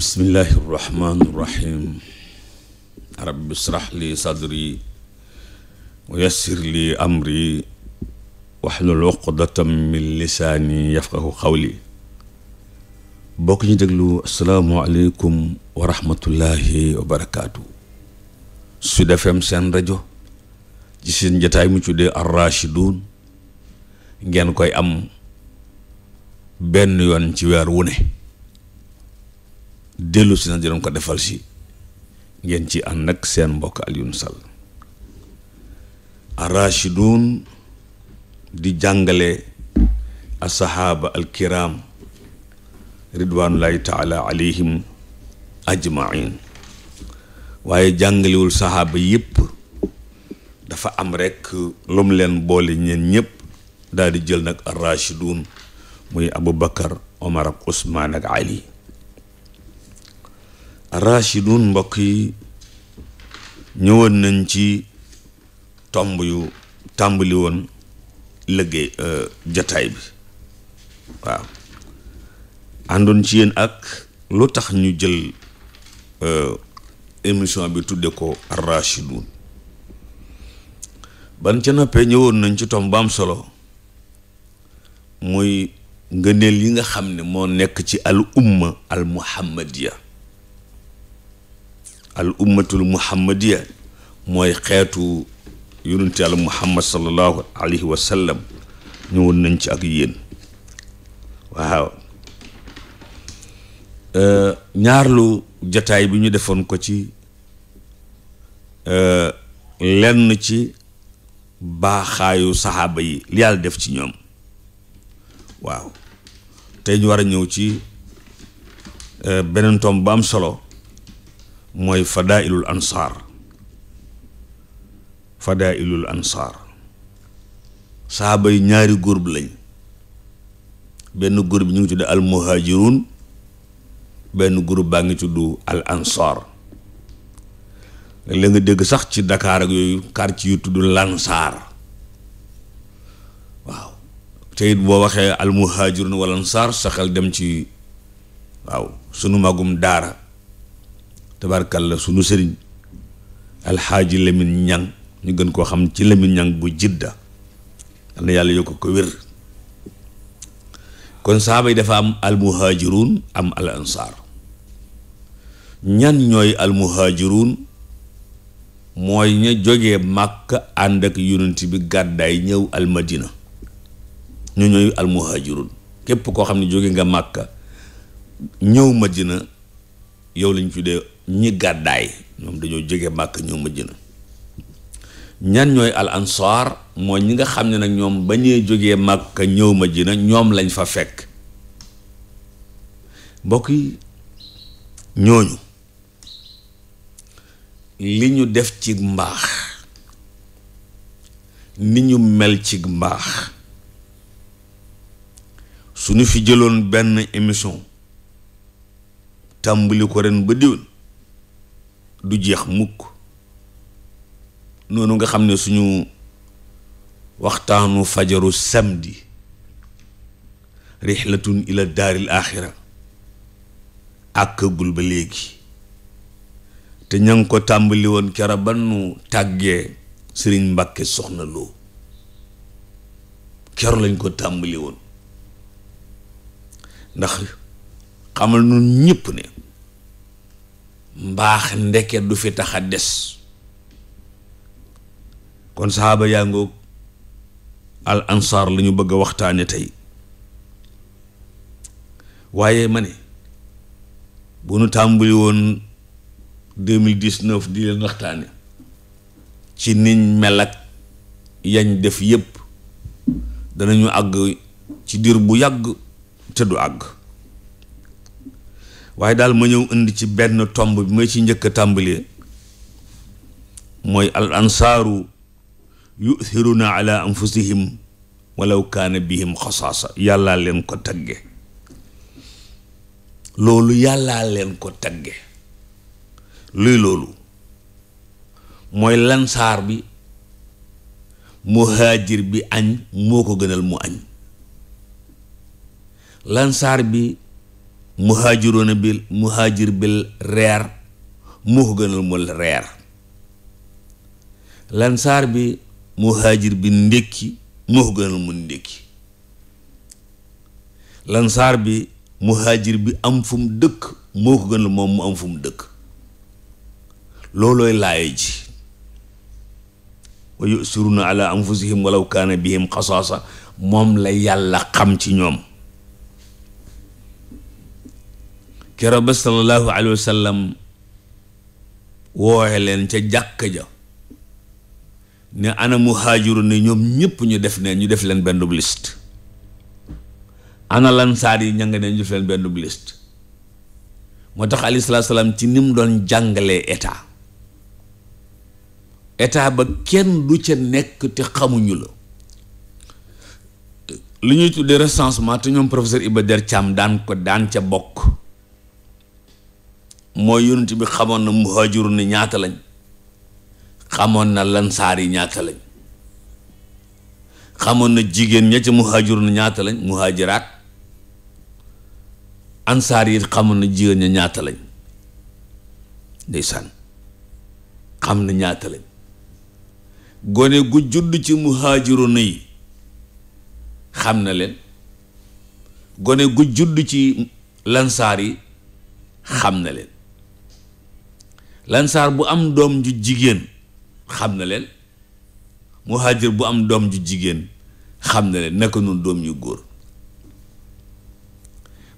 bismillaahi rahmaani rahiim rabbi israh li sadri wa yassir li amri waxlul uqdatam min lisaani yafqahu qawli bokk ñu déglu asalaamualeykum wa rahmatullahi wa barakaatu. Sud FM seen rajo ci seen jataay mu tuddee Arrachidun ngeen koy am benn yoon ci weer wune dellu si na dinañ ko defal si ngeen ci ànd ak seen mbokk Alioune Sall arachidun di jàngale asahaba alkiram ridwanullahi taala alayhim ajmain waaye jàngalewul saxaaba yépp dafa am rekk lu leen boole ñeen ñépp daal di jël nag arachidun muy abou bakar omar ak ousmaan ak ali rachidun mbokk yi ñëwoon nañ ci tomb yu tàmbali woon liggéey euh, jataay bi waaw àndoon ci yéen ak lu tax ñu jël euh, émission bi tuddee ko rachidun ban ca noppee ñëwoon nañ ci tomb ba am solo mooy ngëneel yi nga xam ne moo nekk ci al umma al muhammadiya al ummatul muhammadiya mooy xeetu yonent yàlla muhammad sallallahu alayhi wa sallam ñëwoon nañ ci ak yéen waaw euh, ñaarlu jataay bi ñu defoon ko ci euh, lenn ci baaxaayu saxaaba yi li yàlla def ci ñoom waaw tey ñu war a ñëw ci euh, beneen tomb ba am solo mooy fadaailul ansaar fadaailul ansaar saaba yi ñaari groupe lañ benn groupe bi ñu ngi tudd al muhajirun benn groupe baa ngi tudd al ansaar la nga dégg sax ci Dakar ak yooyu quartier yu tudd lansaar waaw te it boo waxee al muhajirun wal ansaar saxal dem ci waaw sunu magum daara la sunu sëriñ alxaaji lemin Ñang ñu gën koo xam ci Lamine Ñang bu jidda yal na yàlla yokk ko wér kon saaba yi dafa am almuhaajiruun am al ansaar ñan ñooy almuhaajiruun mooy ña jógee màkk ànd ak yonent bi gàddaay ñëw almadina ñu ñooy almuhaajiruun képp koo xam ne jóge nga màkk ñëw madina yow lañ fi dee ñi gàddaay ñoom dañoo jóge màkk ñoo mujj na ñan ñooy al mooy ñi nga xam ne nag ñoom ba ñee jógee màkk ñëw ma ji na ñoom lañ fa fekk mbokk yi ñooñu li ñu def ci mbaax ni ñu mel ci mbaax su ñu fi jëloon benn émission tàmbali ko ren ba diwén du jeex mukk noonu nga xam ne suñu waxtaanu fajaru samedi rixlatun ila daaril axira àkkagul ba léegi te ña ngi ko tàmbali woon kera ba nu tàggee sëriñ mbàkke soxna loo kero lañ ko tàmbali woon ndax xamal nu ñëpp ne mbaax ndeke du fi taxa des kon saxaaba yaa ngoog al ansaar la ñu bëgg waxtaane tey waaye ma ne bu nu tàmbali woon di leen waxtaane ci niñ mel ak yañ def yépp danañu àgg ci diir bu yàgg te du àgg waaye daal ma ñëw indi ci benn tomb bi ma ci njëkk a tàmbalee mooy al ansaaru yuthiruna ala anfusihim walaw kaana bihim xasaasa yàllaa leen ko tagge loolu yàllaa leen ko tagge luy loolu mooy lansaar bi muhaajir bi añ moo ko gënal mu añ lansaar bi muhaajiroona bil muhaajir bil reer moo ko gënal mu reer lansaar bi muhaajir bi ndékki moo ko gënal mu ndékki lansaar bi muhaajir bi am fu mu dëkk moo ko gënal moom mu am fu mu dëkk loolooy laaye ji wa yusiruuna ala anfusihim walaw kaana bihim xasaasa moom la yàlla xam ci ñoom keroog ba sallallahu alayhi wa sallam wooxe leen ca jàkk ja ne ana muhaajiru ne ñoom ñëpp ñu def ne ñu def leen benn liste ana lansaar yi ña nga ne ñu def leen benn liste moo tax alayhi salaatu salaam ci ni mu doon jàngalee état état ba kenn du ca nekk te xamuñu la lu ñuy tuddee recensement te ñoom professeur Iba Der Thiam daan ko daan ca bokk mooy yonent bi xamoon na muhaajirun ni ñaata lañ xamoon na lansaar yi ñaata xamoon na jigéen ña ca muhaajirun ñaata lañ muhaajiraat ansaar yi xamoon na jigéen ña ñaata lañ ndeysaan xam na ñaata lañ gone gu judd ci muhaajirun yi xam na leen gone gu judd ci lansaar yi xam na leen lansaar bu am doom ju jigéen xam na leen muhaajir bu am doom ju jigéen xam na leen naka noonu doom yu góor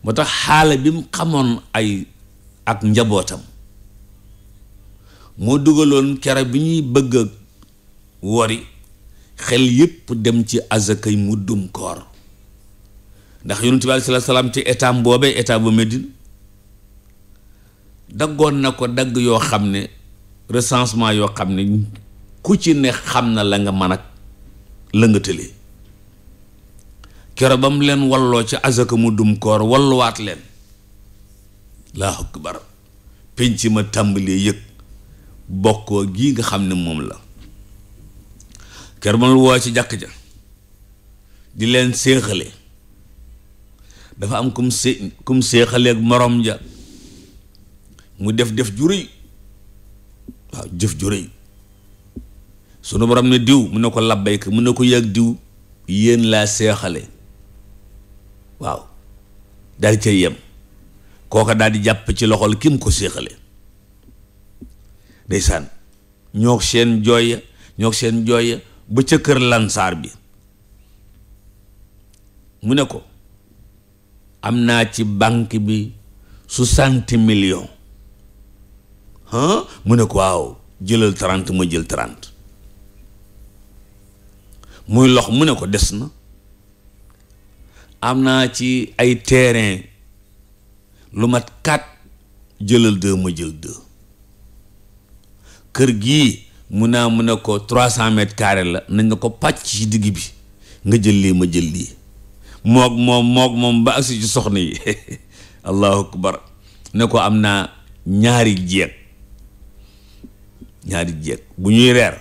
moo tax xaala bi mu xamoon ay ak njabootam moo dugaloon kere bi ñuy bëgg a wori xel yépp dem ci mu dum koor ndax yonent bi aleyhi salaam ci état boobee état bu Medine daggoon na ko dagg yoo xam ne recensement yoo xam ne ku ci ne xam na la nga mën ak la nga tële kero ba mu leen walloo ci azaka mu dum koor walluwaat leen laahu akbar penc ma tàmbalee yëg bokkoo gii nga xam ne moom la kero ba mu woo ci jàkk ja di leen séexale dafa am kum sé kum séexaleeg morom ja mu def def ju waaw jëf ju rëy sunu borom ne diw mu ne ko labbayka mu ne ko yàgg diw yéen laa seexale waaw daal cay yem kooka daal di jàpp ci loxol kim ko seexale ndeysaan ñoo seen jooya ñoo seen jooya ba ca kër lansaar bi mu ne ko am naa ci banque bi su soixante millions mu ne ko waaw jëlal trente ma jël trente muy lox mu ne ko des na am naa ci ay terrain lu mat quatre jëlal deux ma jël deux kër gii mu naa mu ne ko trois cent mètres carrés la nañ na ko pàcc ci digg bi nga jël lii ma jël lii moog moom moog moom ba agsi ci soxna yi allahu akbar ne ko am naa ñaari jeeg ñaari jeeg bu ñuy reer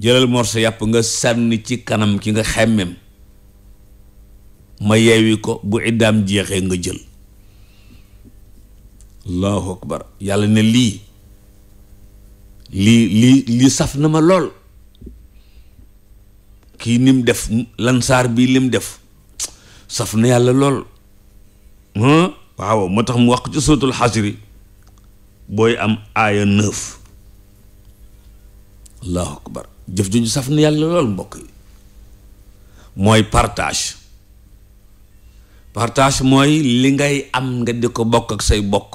jëlal morso yàpp nga sànni ci kanam ki nga xemmeem ma yeewi ko bu iddaam jeexee nga jël allahu akbar yàlla ne lii lii lii lii saf na ma lool kii ni mu def lansaar bii lim def saf na yàlla lool waaw moo tax mu wax ci suratul xasri booy am aaya neuf allahu akbar jëf ju ñu saf na yàlla lool mbokk yi mooy partage partage mooy li ngay am nga di ko bokk ak say bokk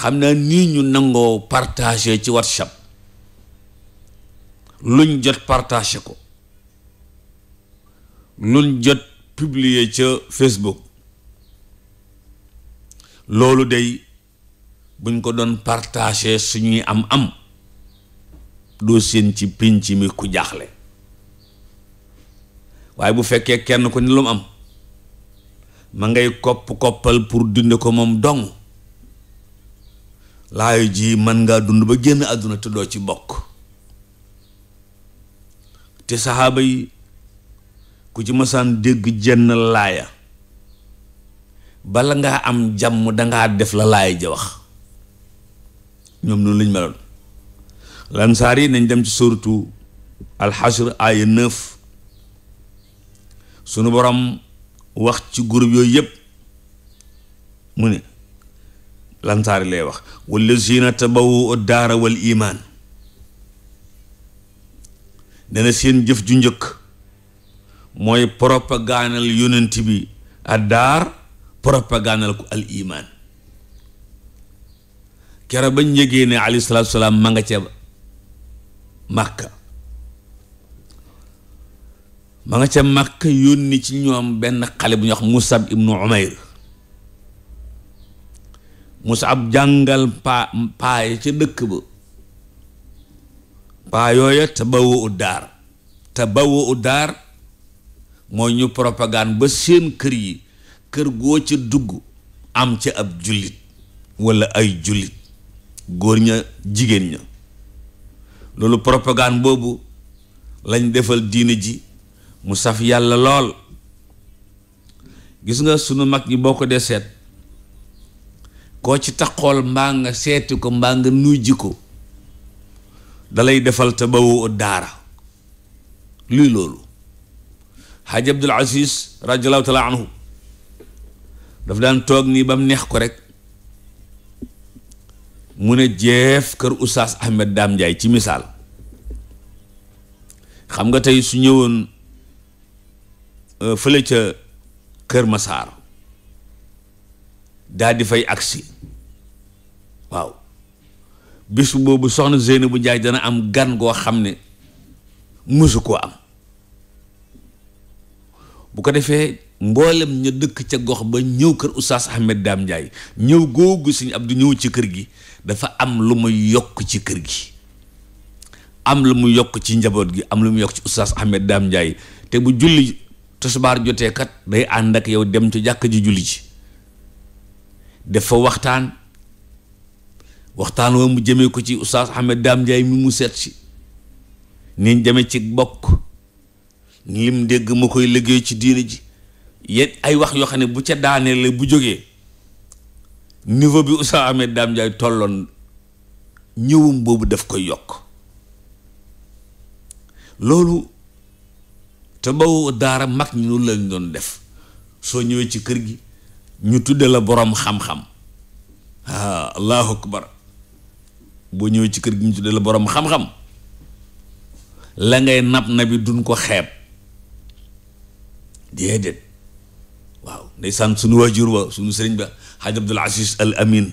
xam naa nii ñu nangoo partage ci WhatsApp luñ jot partager ko luñ jot publier ca Facebook loolu day buñ ko doon partager suñuy am am doo séen ci pénc mi ku jaaxle waaye bu fekkee kenn ku ne lu mu am ma ngay kopp-koppal pour dunde ko moom dong laayu ji mën ngaa dund ba génn àdduna te doo ci bokk te saxaaba yi ku ci masaan dégg jenn laaya bala ngaa am jàmm dangaa def la laaya ja wax ñoom noonu lañ meloon lansaar yi nañ dem ci suratu alxashr aaya neuf sunu borom wax ci groupe yooyu yëpp mu ne lansaar yi lay wax wallazina tabawu daara wal iman dana seen jëf ju njëkk mooy propagandal yonent bi addaar propagandal ko al iman kere bañ yëgee ne alayhi salaatu salaam ma nga ca màkka ma nga ca màkka yónni ci ñoom benn xale bu ñuy wax musab ibnu umayr musab jàngal paa paaya ca dëkk ba paa te tabawu u daar tabawu u daar mooy ñu propagande ba seen kër yi kër goo ca dugg am ca ab jullit wala ay jullit góor ña jigéen ña loolu propagande boobu lañ defal diine ji mu saf yàlla lool gis nga sunu mag ñi boo ko dee seet koo ci taxool mbaa nga seeti ko mbaa nga nuy ji ko dalay defal te bawu daara luy loolu xaaj abdul aziz radiallahu taala anhu daf daan toog nii ba mu neex ko rek mu ne jeef kër Oustaz Ahmed Dame Ndiaye ci misaal xam nga tey su ñëwoon euh, fële ca kër Masaar daal di fay agsi waaw bis boobu soxna bu Ndiaye dana am gan goo xam ne mësu koo am bu ko defee mboolem ñu dëkk ca gox ba ñëw kër oustaz Ahmed Dame Ndiaye ñëw googu sëñ Abdou ñëw ci kër gi dafa am lu mu yokk ci kër gi am lu mu yokk ci njaboot gi am lu mu yokk ci oustaz Ahmed Dame Ndiaye te bu julli tisbaar jotee kat ànd ak yow dem ci jàkk ji julli ji dafa waxtaan wa mu jëmee ko ci oustaz Ahmed Dame mi mu seet si ni jëme ci bokk lim dégg ma koy liggéey ci diina ji yéen ay wax yoo xam ne bu ca daanee la bu jógee niveau bi Oustaz amee Dame Ndiaye tolloon ñëwum boobu def koy yokk loolu te baw daara mag ñi noonu lañ doon def soo ñëwee ci kër gi ñu tudde la boroom xam-xam ah allahu akbar boo ñëwee ci kër gi ñu tudde la boroom xam-xam la ngay nab na bi duñ ko xeeb déedéet waaw ndeysaan suñu waajur wa suñu sëriñ ba xaaj abdul aziz al amin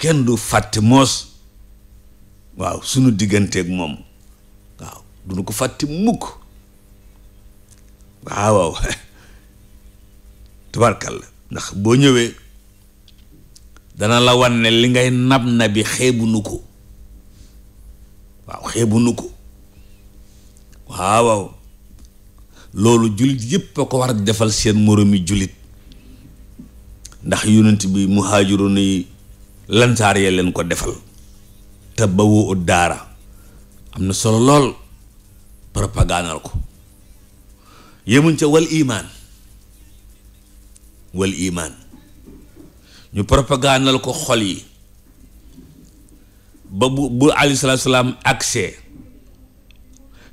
kenn du fàtte moos waaw sunu digganteeg moom waaw duñu ko fàtte mukk waaw waaw tubarkalla ndax boo ñëwee dana la wan ne li ngay nab na bi xeebu nu ko waaw xeebu nu ko waaw waaw loolu jullit yépp a ko war di defal seen moroomi jullit ndax yonent bi mu muhaajiroon yi lansaar ya leen ko defal te bawoo ut daara am na solo lool propagandal ko yemuñ ca wal imaan wal imaan ñu propagandal ko xol yi ba bu bu alayhi salaatu salaam accès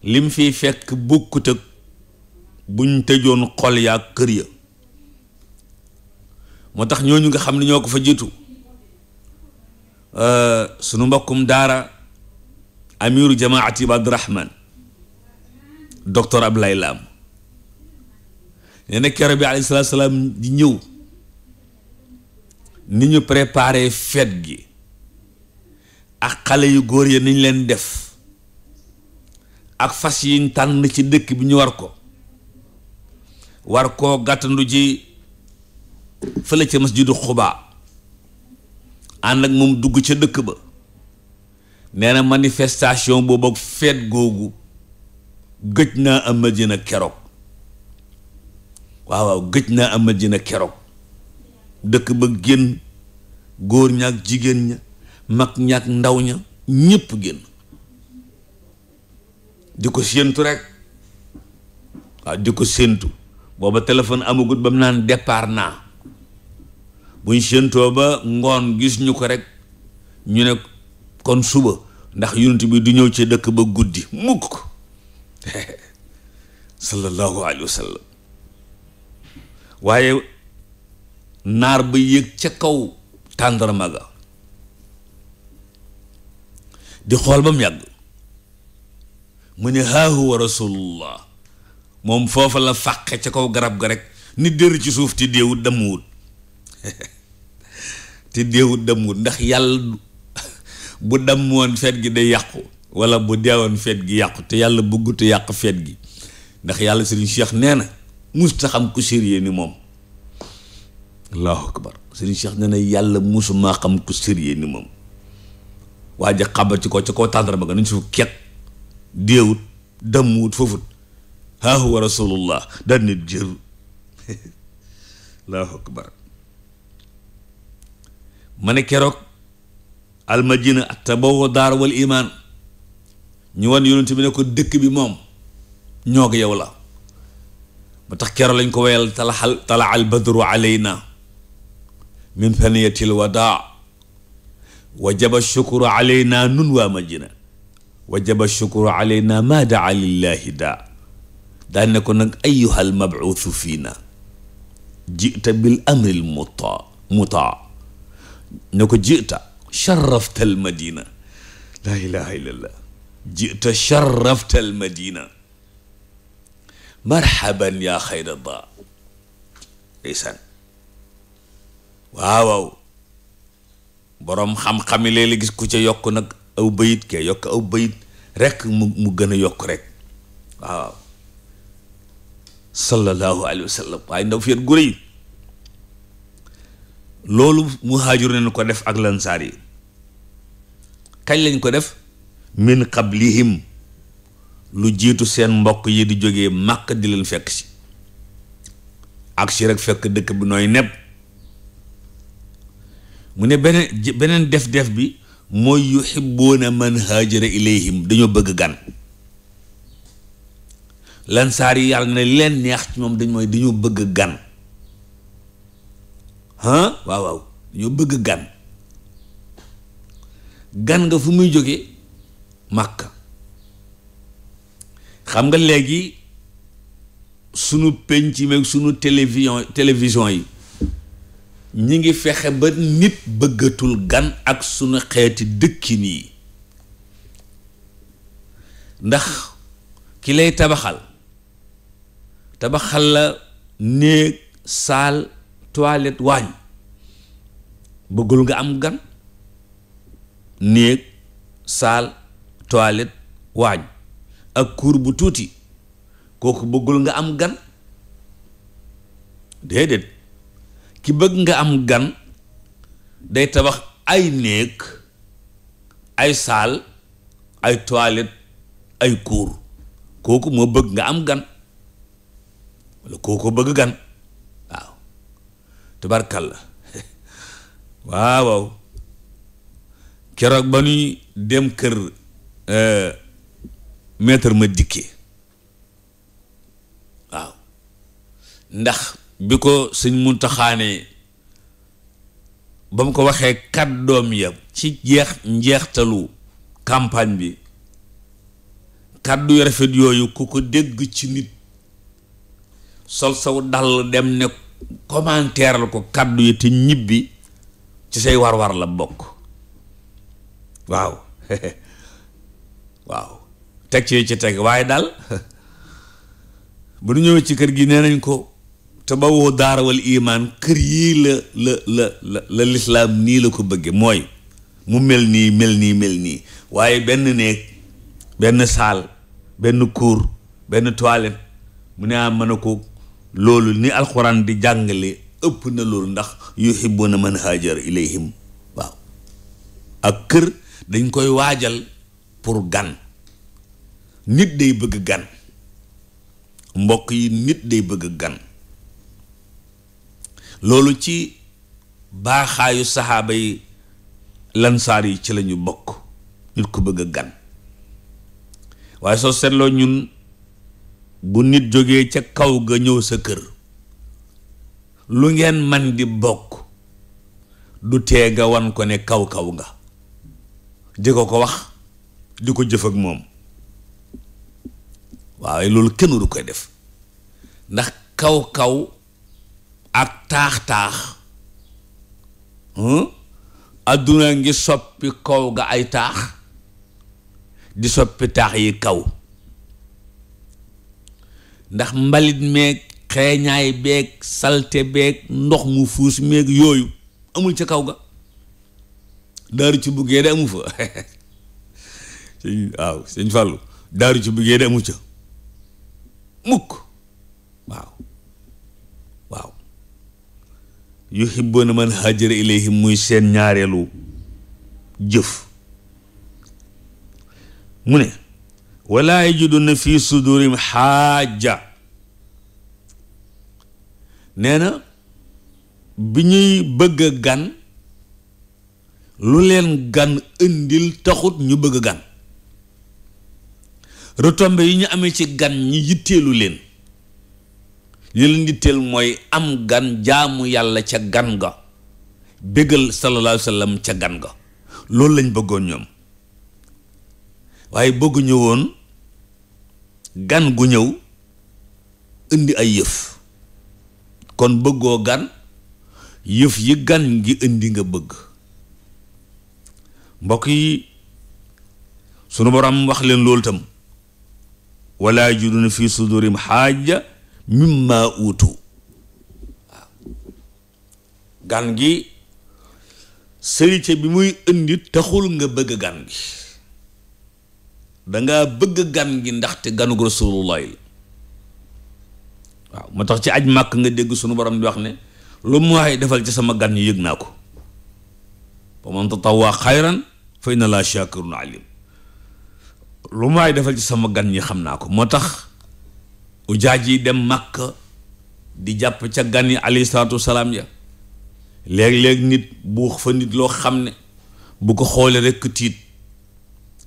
lim fiy fekk bokkut ak buñ tëjoon xol yaa kër ya moo tax ñooñu nga xam ne ñoo ko fa jiitu euh, sunu mbokkum daara amiru jamaati Abdurahman docteur Ablaye Lam nee na kero bi alayhi salaatu salaam di ñëw ni ñu préparé feet gi ak xale yu góor ya niñ leen def ak fas yiñ tànn ci dëkk bi ñu war ko war koo gàttandu ji fële ca ji masjidu xubaa ànd ak moom dugg ca dëkk ba nee na manifestation boobu ak feet googu gëj naa am Madina keroog waaw waaw gëj naa am Madina keroog dëkk ba génn góor ña jigéen ña mag ña ndaw ña ñépp génn di ko séentu rek waaw di ko séentu booba téléphone amagut ba mu naan départ naa buñ séentoo ba ngoon gis ñu ko rek ñu ne kon suba ndax yonent bi du ñëw ci dëkk ba guddi mukk ko sallallahu waaye naar ba yéeg ca kaw tàndarma di xool ba mu yàgg mu ne haa huwa rasulullah moom foofa la fàqe ca kaw garab ga rek ni dér ci suuf ti déewut damuwut ti déewut damuwut ndax yàlla bu damm woon feet gi day yàqu wala bu deewoon feet gi yàqu te yàlla bu bëggut yàq feet gi ndax yàlla sëriñ Cheikh nee na musta xam ku sérieux ni moom allahu akbar sëriñ Cheikh nee na yàlla musumaa xam ku ni moom waa ja xaba ci ko ci kaw tàndarma ga nañ suuf ket déewut damuwut foofut haahuwa rasulullah daan ne jër allahu akbar ma ne keroog almadina attabawo daar wal iman ñu wan yonent bi ne ko dëkk bi moom ñoog yow la ba tax keroog lañ ko wayal talaxal tala al badru alayna min faniyatil wadaa wajaba shukru alayna nun waa madina wajaba shukru alayna maada lillahi daa daan ne ko nag ayyuhal mabuuthu fiina jita bil amril muta muta ne ko jita sharrafta al madina laa ilaha illallah jita sharrafta al madina marhaban yaa xayra da ndeysaan waaw boroom xam-xami léeg-la gis ku ca yokk nag aw bayit kee yokk aw bayit rek mu mu gën a yokk rek waaw sallallahu alayhi wa sallam waaye ndaw fiet gu rëy loolu muhaajir nañ ko def ak lansaar yi kañ lañ ko def min qablihim lu jiitu seen mbokk yi di jógee màkk di leen fekk si ak si rek fekk dëkk bi nooy nepp mu ne beneen beneen def def bi mooy yuhibbuuna man haajara ilayhim dañoo bëgg gan lansaar yi yàlla ne leen neex ci moom dañ mooy dañoo bëgg gan ah waaw waaw dañoo bëgg gan gan nga fu muy jóge màkk xam nga léegi sunu penc yi meeg sunu télévision télévision yi ñu ngi fexe ba nit bëggatul gan ak sunu xeeti dëkkin yi ndax ki lay tabaxal tabaxal la néeg saal toilette waañ bëggul nga am gan néeg saal toilette waañ ak kuur bu tuuti kooku bëggul nga am gan déedéet ki bëgg nga am gan day tabax ay néeg ay saal ay toilette ay cour kooku moo bëgg nga am gan wala kooko bëgg gan waaw tubarkalla waaw waaw keroog ba ñuy dem kër euh, maître ma dikkee waaw ndax bi ko sëñ muntaxaanee ba mu ko waxee kàddoom ya ci jeex njeextalu campagne bi kàddu yu rafet yooyu ku ko dégg ci nit sol saw dal dem ne commentaire la ko kàddu yi te ñibbi ci say war-war la bokk waaw waaw teg ci ci teg waaye dal bu ñu ñëwee ci kër gi nee nañ ko te ba woo daarawal imaan kër yii la la la la lislaam nii la ko bëgge mooy mu mel nii mel nii mel nii waaye benn néeg benn saal benn cour benn toilette mu ne a mën a ko loolu ni alxuraan di jàngale ëpp na loolu ndax yuhibbuna man haajara ilayhim waaw ak kër dañ koy waajal pour gan nit day bëgg gan mbokk yi nit day bëgg gan loolu ci baaxaayu saxaaba lansaar yi ci lañu bokk nit ko bëgg gan waaye soo seetloo ñun bu nit jógee ca kaw ga ñëw sa kër lu ngeen man di bokk du tee nga ko ne kaw-kaw nga di ko ko wax di ko jëf ak moom waaye loolu kenn du koy def ndax kaw-kaw ak taax-taax hmm? adduna ngi soppi kaw ga ay taax di soppi taax yi kaw ndax mbalit meeg xeeñaay beeg salte beeg ndox mu fuus meeg yooyu amul ca kaw ga daaru ci buggee da sëñ waaw sëñ Fàllu daaru ci da amu ca mukk waaw waaw yuhibbuuna man haajara ilayhim muy seen ñaareelu jëf mu ne wala na fi sudurim xaaja nee na bi ñuy bëgg gan lu leen gan indil taxut ñu bëgg a gan retombé yi ñu amee ci gan ñi yitteelu leen li leen yitteel mooy am gan jaamu yàlla ca gan ga bégal sallallahu alayhi ca gan ga loolu lañ bëggoon ñoom waaye bëgguñu woon gan gu ñëw indi ay yëf kon bëggoo gan yëf yi gan gi indi nga bëgg mbokk yi sunu borom wax leen loolu tam wala na fi sudurim xaaja mimma uutu gan gi sërite bi muy indi taxul nga bëgg gan gi dangaa bëgg gan gi te ganu rasulullahi la waaw moo tax ci aj màkk nga dégg sunu borom di wax ne lu mu waaye defal ci sama gan yëg naa ko ba man tatawwaa xayran fa inna laa shakirun alim defal ci sama gan xam naa ko moo tax ujaaj yi dem màkk di jàpp ca gan yi alayhi salaatu salaam ya léeg-léeg nit buux fa nit loo xam ne bu ko xoolee rekk tiit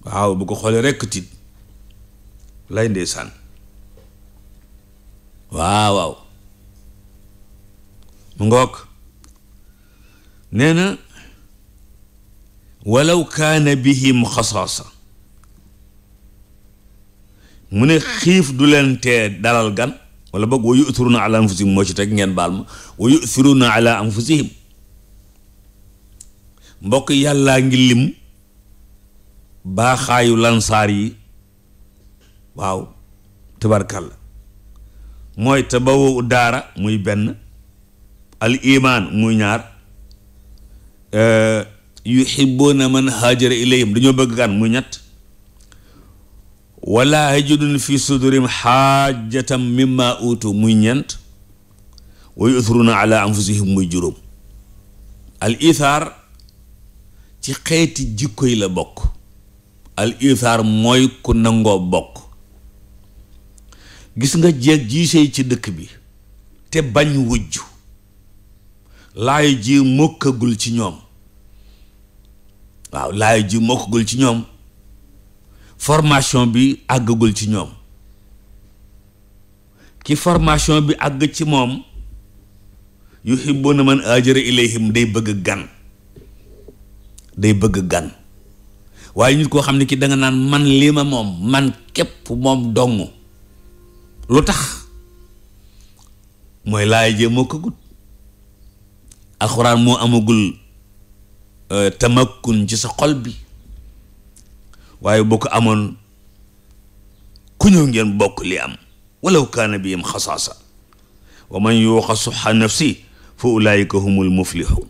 waaw bu ko xoolee rekk tiit lay ndeysaan waaw waaw mu ngoog nee na walaw kaana bihim xasaasa mu ne xiif du leen te dalal gan wala boog wa yuthiruna ala anfusihim moo ci teg ngeen baal ma wa yuthiruna ala anfusihim mbokk yàllaa ngi lim baaxaayu lansaar yi waaw tabarkalla mooy tabawu daara muy benn aliimaan muy ñaar eh, yuhibbuna man haajara ilayhim dañoo bëgg gaan muy ñett wala yajidun fi sudurim xaajatan mimma utu muy ñent wa yuthiruna ala anfusihim muy juróom al ci xeeti jikko yi la bokk al ithaar mooy ku nangoo bokk gis nga jeeg jii sëy ci dëkk bi te bañ wujj laay ji mokkagul ci ñoom waaw laay ji mokkagul ci ñoom formation bi ki formation bi àgg ci moom yuhibbuna man ajara ilayhim day bëgg gan day bëgg gan waaye nit koo xam ne kii danga naan man lii ma moom man képp moom dong lu tax mooy laay jee moo ko gudd alxuraan moo amagul euh, tamakkun ci sa xol bi waaye boo ko amoon ku ñëw ngeen bokk li am walaw kaana bi yam xasaasa wa man yuuqa suxa nafsi fa ulaayika humul muflixuun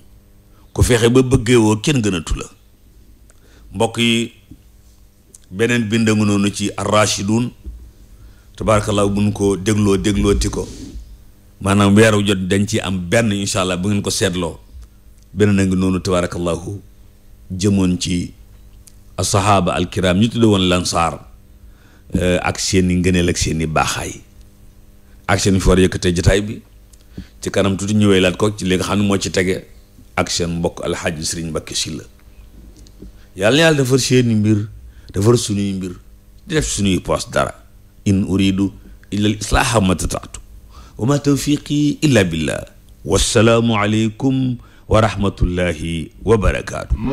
ku fexe ba bëggee woo kenn gënatu la mbokk yi beneen bind nga noonu ci arrachidun tabarakallah bu ñu ko dégloo dégloo ko maanaam weeru jot dañ ci am benn incha allah bu ngeen ko seetloo beneen a ngi noonu tabarakallahu jëmoon ci asahaba alkiram ñu tudde woon lansaar eh, ak seen i ngëneel ak seen i baaxaay ak seen fi war yëkkatee jotaay bi ci kanam tuuti ñëwee laat ko ci li nga xam ne moo ci tege ak seen mbokk alxaaji sëriñ Mbàkke Sylla yàlla na yàlla defar seeni mbir defar suñuy mbir di def suñuy poos dara in uridu illa al islaaha ma tataatu wa ma tawfiqi illa billah wassalaamu aleykum wa rahmatullahi wa barakaatu